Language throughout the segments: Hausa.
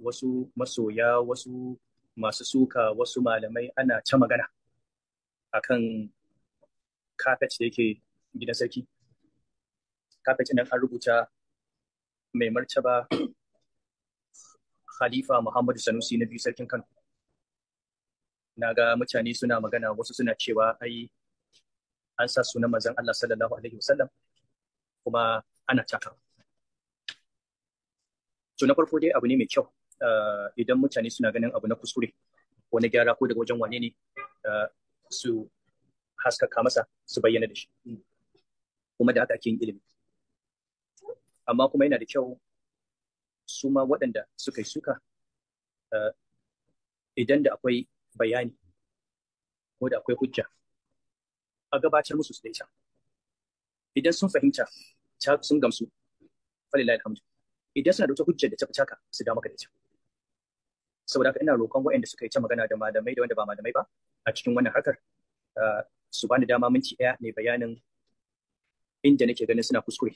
wasu masoya wasu masu suka wasu malamai ana ta magana a kan kafet da yake gidan sarki kafet nan an rubuta mai martaba khalifa muhammadu sanusi na biyu sarkin kano na ga mutane suna magana wasu suna cewa ai an sa sunan mazan allah sallallahu alaihi wasallam kuma ana taka. to farko dai abu ne mai kyau Eh, idan mutane suna ganin abu na kuskure ko na gyara ko daga wajen wane ne eh, su haskaka masa su bayyana da shi kuma da haka ake yin ilimi amma kuma yana da kyau su ma waɗanda suka yi suka eh, idan da akwai bayani ko da akwai hujja a gabatar musu su daita idan sun fahimta sun gamsu falilai alhamdu idan suna da wata hujja da ta fi su da maka da ita saboda haka ina roƙon waɗanda suka yi ta magana da malamai da wanda ba malamai ba a cikin wannan harkar su bani dama minti ɗaya mai bayanin inda nake ganin suna kuskure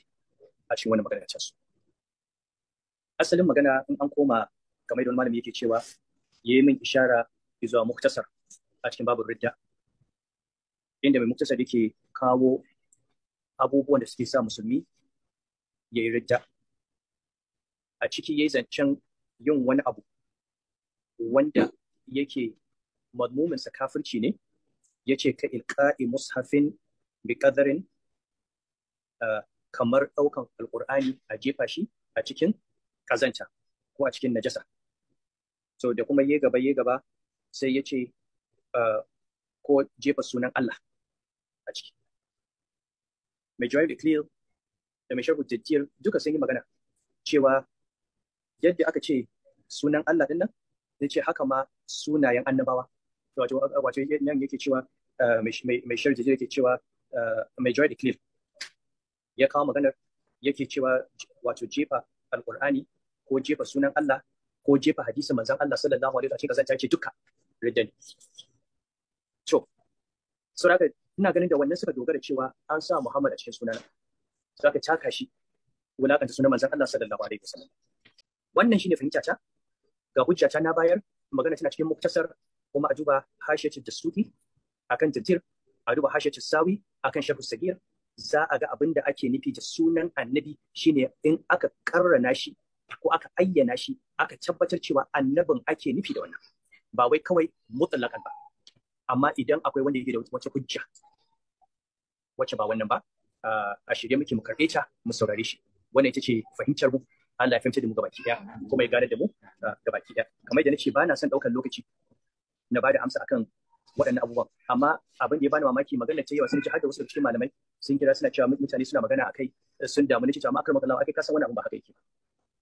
a cikin wannan magana ta su asalin magana in an koma kamar da wani malami yake cewa yayi min ishara zuwa muktasar a cikin babu ridda inda mai muktasar yake kawo abubuwan da suke sa musulmi ya yi ridda a ciki yayi zancen yin wani abu wanda yake madmuminsa kafirci ne yace ka ilqa'i mushafin bi qadarin kamar ɗaukan alƙur'ani a jefa shi a cikin ƙazanta ko a cikin najasa so da kuma ye gaba ye gaba sai ya ce ko jefa sunan Allah a ciki mai jawab da clear da mai sharhu tattir duka sun yi magana cewa yadda aka ce sunan Allah din nan ya ce haka ma sunayen annabawa wato wato nan yake cewa eh, mai shirji yake cewa eh, mai joy the cliff ya kawo maganar yake cewa wato jefa alqur'ani ko jefa sunan Allah ko jefa hadisi manzon Allah sallallahu alaihi wasallam kazanta ce duka riddani to saboda ina ganin da wannan suka dogara cewa an sa Muhammad a cikin sunan saka taka shi wulakanta sunan manzon Allah sallallahu alaihi wasallam wannan shine fahimta ta ga hujja ta na bayar magana tana cikin muktasar kuma a duba hashiyacin dasuki akan tatir a duba hashiyacin sawi akan shafu sagir za a ga abin da ake nufi da sunan annabi shine in aka karrana shi ko aka ayyana shi aka tabbatar cewa annabin ake nufi da wannan ba wai kawai mutlaqan ba amma idan akwai wanda yake da wata hujja wacce ba wannan ba a shirye muke mu karɓe ta mu saurare shi wannan ita ce fahimtar mu Allah ya fahimci da mu gabaki daya kuma ya gane da mu ah, gabaki daya kamar yadda nace ba na son daukar lokaci na bada amsa akan waɗannan abubuwan amma abin da ya bani mamaki magana ta yawa sun ji har da wasu cikin malamai sun kira suna cewa mutane suna magana akai eh, sun damu nace amma akar magana akai kasan wani abin ba haka yake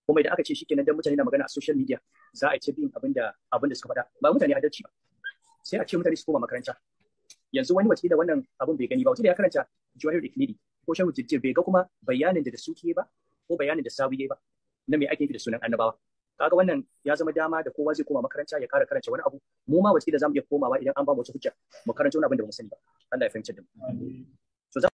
kuma idan aka ce shikenan dan mutane na magana a social media za a ce bin abin da abin da suka faɗa ba mutane adalci ba sai a ce mutane su koma makaranta yanzu wani wace da wannan abin bai gani ba wace da ya karanta Jawahir Iklidi ko Shehu bai ga kuma bayanin da da suke ba ko bayanin da sawiye ba na me ake yi da sunan annabawa kaga wannan ya zama dama da kowa zai koma makaranta ya kara karanta wani abu mu ma wasu da zamu iya komawa idan an ba mu wata hujja mu karanta wani abin da ba mu sani ba Allah ya fahimci da mu